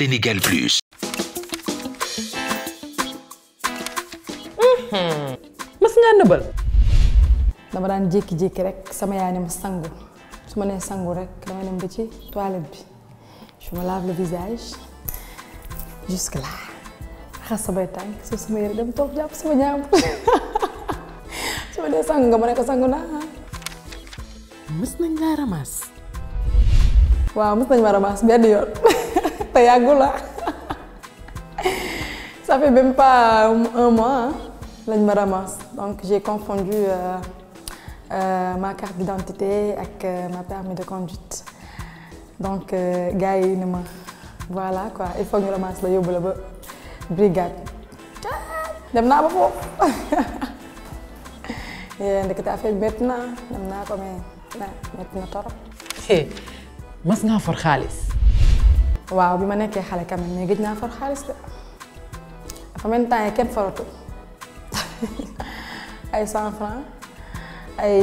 Sénégal Plus. Mmh. dama daan jékki-jékki rek sama yaay ne sangu su ma sangu rek dama dem ba ci toilette bi je me lave le visage jusque là xas samay tànk su sama dem toog jàpp sama ñaam su ma nee sangu nga ma sangu naa. mës nañ waaw mës nañ ma ramaas te là, ça fait même pas un mois lañ me ramasse donc j'ai confondu euh, euh, ma carte d'identité avec euh, ma permis de conduite donc euh, gay, yi voilà quoi il faut je ramasse la yóbbu la ba brigade dem naa ba Et eh, ndekete affaire bi métti na dem naa ko mais métti na torop eh, mas ngaa fort xaalis waaw bi ma nekkee xale quand même mais naa for xaalis de dafa mel yi kenn foratu ay 100 francs ay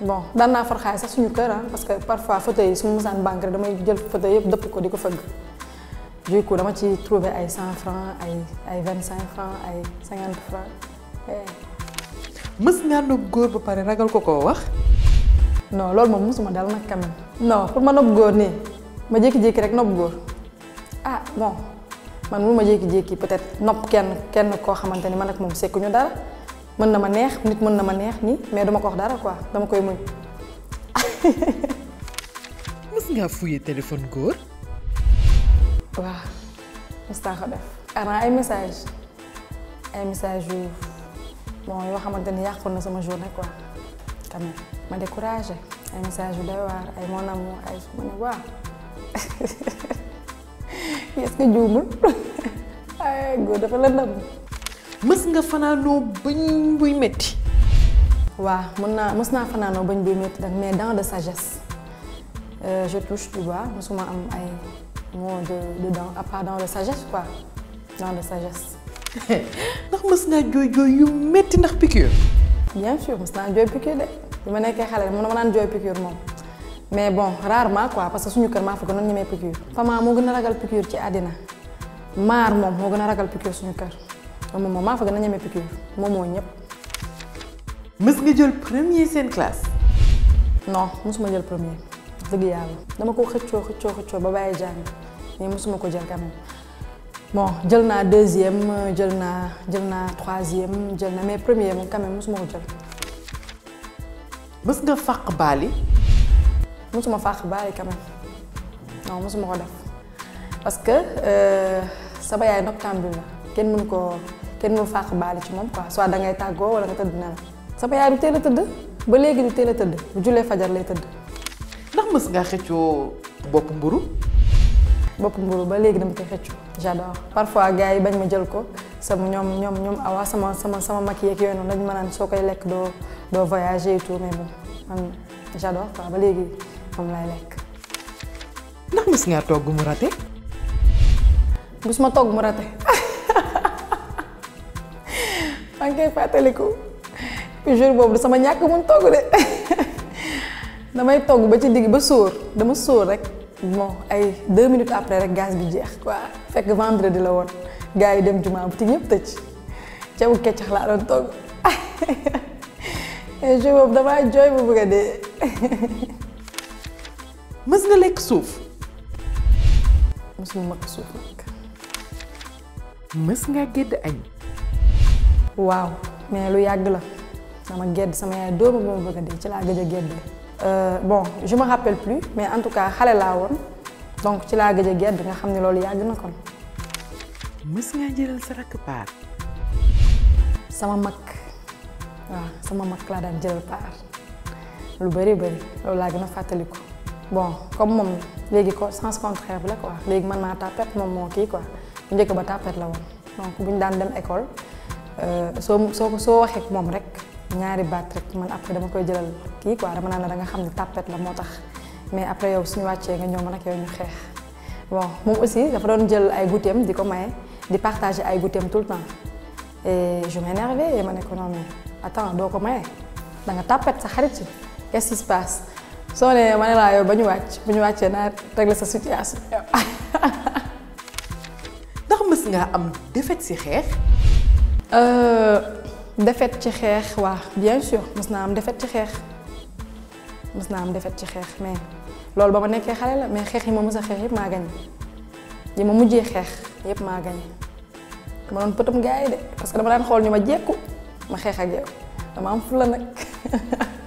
bon daan naa for xaalis sax suñu kër ah, parce que parfois fauteuil yi su ma mosaan banque rek damay jël fauteuil yëpp dëpp ko di ko fëgg du coup dama ci trouvé ay 100 francs ay ay 25 francs ay 50 francs eh. mës ngaa nopp góor ba pare ragal ko koo wax. non loolu moom mësuma dal nag quand même. non pour ma nopp góor nii ma jékki-jékki rek nopp góor. ah bon man mënu ma jékki-jékki peut-être nopp kenn kenn koo xamante ni man ak moom sekkuñu dara mën na ma neex nit mën na ma neex nii mais duma ko dara quoi dama koy muñ. mës ngaa ko ay message ay message yu yoo xamante ni yàqoon na sama journée quoi quand ma découragé ay message bi doy waar ay mon amour ay est-ce que Tu go dafa la ndam mës nga metti metti mais dans de sagesse euh, je touche du bois mësuma am ay de de dents à part de sagesse quoi dans de sagesse. bien sûr mës un de xalé un joy piqûre mais bon rarement quoi parce que suñu kër ma fa gënoon ñëmé piqûre fama moo gën a ragal piqûre ci adina mar mom mo gëna ragal piqûre suñu kër moom mom ma fa gën ñëmé piqûre moom mo ñëpp mës nga jël premier sen classe non musuma jël premier dëgg yàlla dama ko xëccio xëccio xëccio ba baye jàng ni musuma ko jël kam bon jël na deuxième jël na jël na troisième jël na mais premier moom quand même mosuma ko jël mës nga faq bali mosuma faa ya, xibaare quand même non mosuma ko def parce que euh sama yaay noctambule la kenn mënu koo kenn mënu faa xibaare ci mom quoi soit da ngay tàggoo wala nga tëdd na la sama yaay du teel a ba legui du teel a bu julee fajar lay tëdd. ndax mës nga xëccu bop mburu. bop mburu ba legui dama koy xëccu j'adore parfois gaay bañ ma jël ko sama ñom ñom ñom awa ah sama sama sama mag yeeg yooyu noonu dañ ma nan sokay lek do do voyager et tout mais bon man j'adore quoi ba léegi pomme lay lekk. ndax mës ngaa togg mu rate. bés ma togg mu rate. maa ngi koy fàttaliku. puis jour boobu sama ñàkk mun togg de damay ba ci digg ba dama rek ay 2 eh, minutes après rek gaz bi jeex quoi fekk vendredi la woon gars yi dem jumaa boutique ñëpp tëj ceebu keccax laa doon togg eh, jour boobu damaa mës nga lekk suuf mësuma mag suuf nag mës nga gedd añ waaw mais lu yàgg la sama gedd sama yaay dóoma ba ma bëgg a dee ci laa gëj a geddee eh, bon je me rappelle plus mais en tout cas xale laa woon donc ci laa gëj a nga xam ne loolu na kon mës nga jëlal sa rakk paar sama mak. waaw sama mak laa daan jëlal paar lu bari bari loolu laa gën a bon comme moom légui ko sens contraire bi la quoi légui man ma tapet moom moo quoi bu ba tàppet la woon donc bu ñu daan dem école so euh, so soo waxee mom rek ñaari baat rek man après dama koy jëlal ki quoi dama naan da nga xamni ne la motax mais après yow suñu wàccee nga ñëw man ak yow ñu xex bon mom aussi dafa doon jël ay goûteem diko ko maye di partager ay goûteem tout le temps et je m'énervais et ma ne ko non attends doo ko maye da nga tàppet sa xarit ci qu'est-ce qui se passe soo nee ma ne laa yow ba ñu wàcc bu ñu wàccee naa régler sa situation ndax mës ngaa am défaite ci xeex euh, défaite ci xeex waa bien sûr mës naa am defet ci xeex mës naa am défaite ci xeex mais loolu ba ma nekkee xale la mais xeex yi ma mës a xeex yëpp maa gañ yi ma mujjee xeex yëpp maa gañ ma doon pëtam gars de parce que dama daan xool ñu ma jekku ma xeex ak yow dama am fulla nag